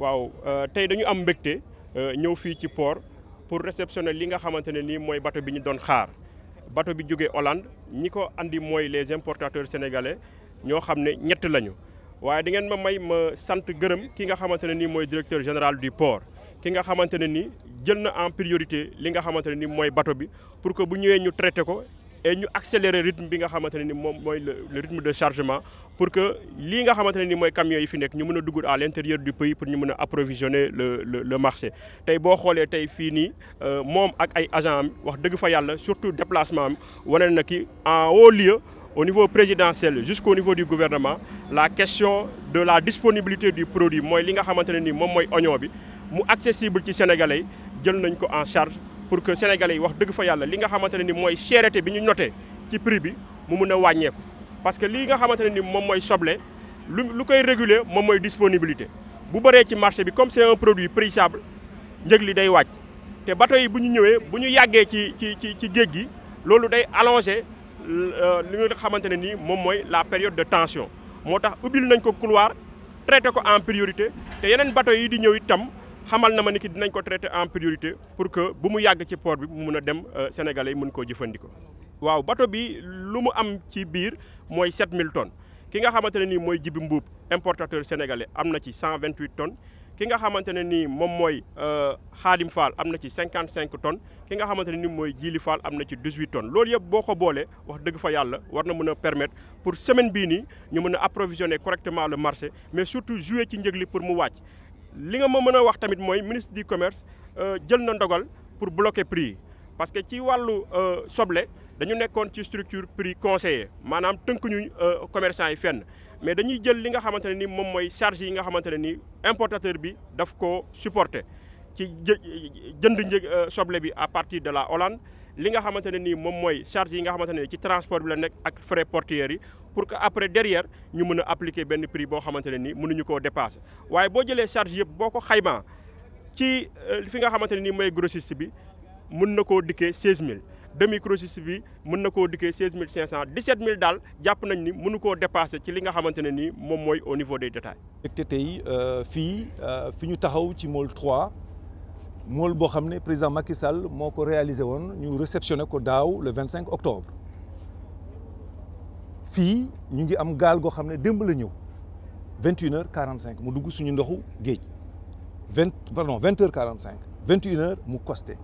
waaw euh, tey dañu am mbégte euh, ñëw fii ci port pour réceptionner li nga xamante ne nii mooy bato bi ñu doon xaar bato bi jógee Hollande ñi ko andi mooy les importateurs sénégalais ñoo xam ne ñett lañu. waaye di ngeen ma may ma sant gërëm ki nga xamante ne nii mooy directeur général du port ki nga xamante ne nii jël na en priorité li nga xamante ne nii mooy bato bi pour que bu ñëwee ñu traité ko et ñu accélérer rythme bi nga xamante ne ni moom mooy le rythme de chargement pour que lii nga xamante ne ni mooy camions yi fi nekk ñu mën a dugg à l'intérieur du pays pour ñu mën a approvisionner le le marché tey boo xoolee tey fii nii euh, moom ak ay agent am wax dëgg fa yàlla surtout déplacement am wane na ki en haut lieu au niveau présidentiel jusqu'au niveau du gouvernement la question de la disponibilité du produit mooy li nga xamante ne ni moom mooy oignon bi mu accessible ci sénégalais jël nañ ko en charge pour que sénégalais yi wax dëgg fa yàlla li nga xamante ne ni mooy cherté bi ñu noté ci prix bi mu mun a wàññeeku parce que lii nga xamante ne ni moom mooy soble lu lu koy réguler moom mooy disponibilité bu bëree ci marché bi comme c'est produit périssable njëg li day wàcc te bateau yi bu ñu ñëwee bu ñu yàggee ci ci ci ci géej gi loolu day allonger euh, li nga xamante ne ni moom mooy la période de tension moo tax ubbil nañ ko couloir traité ko en priorité te yeneen bateau yi di ñëw itam xamal na ma ni ki dinañ ko traité en priorité pour que bu mu yàgg ci port bi mu mun a dem euh, sénégalais yi mun koo jëfandikoo. waaw bato bi lu mu am ci biir mooy 7000 tonnes ki nga xamante ne nii mooy Jibi Mbuub importateur sénégalais am na ci 128 tonnes. ki nga xamante ne nii moom mooy Xaadim euh, Fall am na ci cinquante cinq tonnes ki nga xamante ne nii mooy Jiili Fall am na ci dix huit ton loolu yëpp boo ko boolee wax dëgg fa yàlla war na mën a permettre pour semaine bii nii ñu mën a approvisionner correctement le marché mais surtou jouer ci njëg li pour mu wàcc. li nga ma mën a wax tamit mooy ministre du commerce euh, jël na ndogal pour bloquer prix yi parce que ci wàllu euh, soble dañu nekkoon ci structure prix conseillé maanaam tënkuñu euh, commerçant yi fenn mais dañuy jël li nga xamante ne ni moom mooy charge yi nga xamante ne ni importateur bi daf koo supporter ci jënd njëg soble bi à partir de la Hollande li nga xamante ne ni moom mooy charge yi nga xamante ne ci transport bi la nekk ak frais portuaires yi pour que après derrière ñu mun a appliquer benn prix boo xamante ne ni mënuñu koo dépasser waaye boo jëlee charge yëpp boo ko xaymaa ci euh, fi nga xamante ne ni mooy grossiste bi mën na koo dikkee 16000 demi grossiste bi mën na koo dikkee 16500 17000 daal jàpp nañ ni mënu koo dépasser ci li nga xamante ne ni moom mooy au niveau des détails. te tey euh, fii euh, fi ñu taxaw ci mool trois mool boo xam ne président Macky Sall moo ko réalisé woon ñu réceptionné ko daaw le 25 octobre fii ñu ngi am gaal goo xam ne démb la ñëw vingt une heure cinq mu dugg suñu ndoxu géej vingt pardon vingt heure quarante cinq vingt une mu costé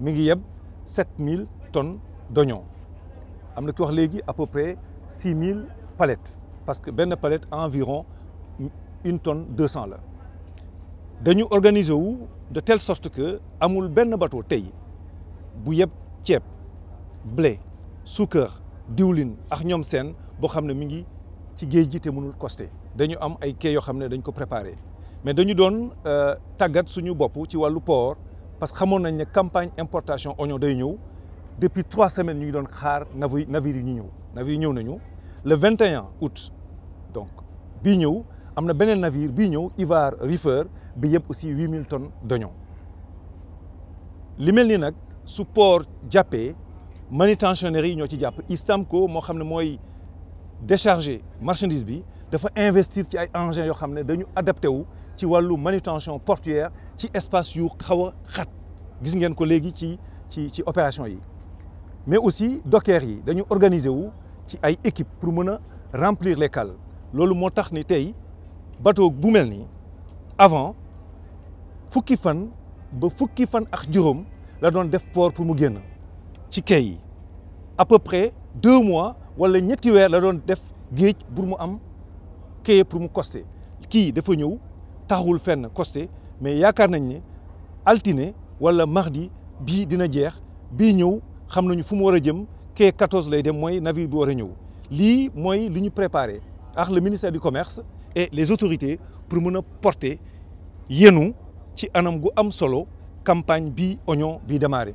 mi ngi yeb sept mille tonnes d'oignon am na ki wax léegi à peu près six mille palettes parce que benn palette environ une tonne deux cent la dañu organiser wu de telle sorte que amul benn bateau tey bu yeb ceeb blé suukar diwlin ak ñoom seen boo xam ne mi ngi ci géej gi te mënul costé dañu am ay quai yoo xam ne dañ ko préparer mais dañu doon euh, tàggat suñu bopp ci wàllu port parce que xamoon nañ ne campagne importation oignon day ñëw depuis trois semaines ñu ngi doon xaar navi navire yi ñu ñëw navire yi ñëw nañu le 21 août donc bii ñëw am na beneen navire bii ñëw Ivar Reefer bi yëpp aussi 8000 tonnes d'oignon li mel ni nag su port jàppee manutentionnaires yi ñoo ci jàpp Istamco moo xam ne mooy décharger marchandise bi dafa investir ci ay engins yoo xam ne dañu adapté wu ci wàllu manutention portuaire ci espace yu xaw a xat gis ngeen ko léegi ci ci ci opération yi mais aussi dockers yi dañu organiser wu ci ay équipe pour mën a remplir les cales loolu moo tax ni tey bateau bu mel nii avant fukki fan ba fukki fan ak juróom la doon def port pour mu génn ci quai yi à peu près deux mois wala ñetti weer la doon def géej pour mu am quai pour mu costé kii dafa ñëw taxawul fenn costé mais yaakaar nañ ne altine wala mardi bii dina jeex bii ñëw xam nañu fu mu war a jëm quai 14 lay dem mooy navire bi war a ñëw lii mooy li ñu préparé ak le ministère du commerce et les autorités pour mën a porter yenu ci anam gu am solo campagne bii oignon bii démarré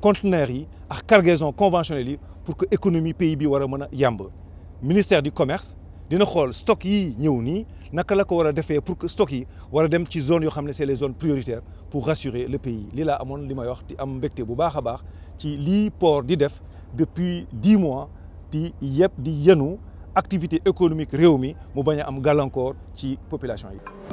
conteneurs yi ak cargaison conventionnelle yi pour que économie pays bi war a mën a yàmb ministère du commerce dina xool stock yi ñëw nii naka la ko war a defee pour que stock yi war a dem ci zone yoo xam ne se les zone prioritaires pour rassurer le pays lii a amoon li may wax di am mbégte bu baax a baax ci lii port di def depuis dix mois di yëpp di yanu activité économique réew mi mu bañ a am gàllankoor ci population yi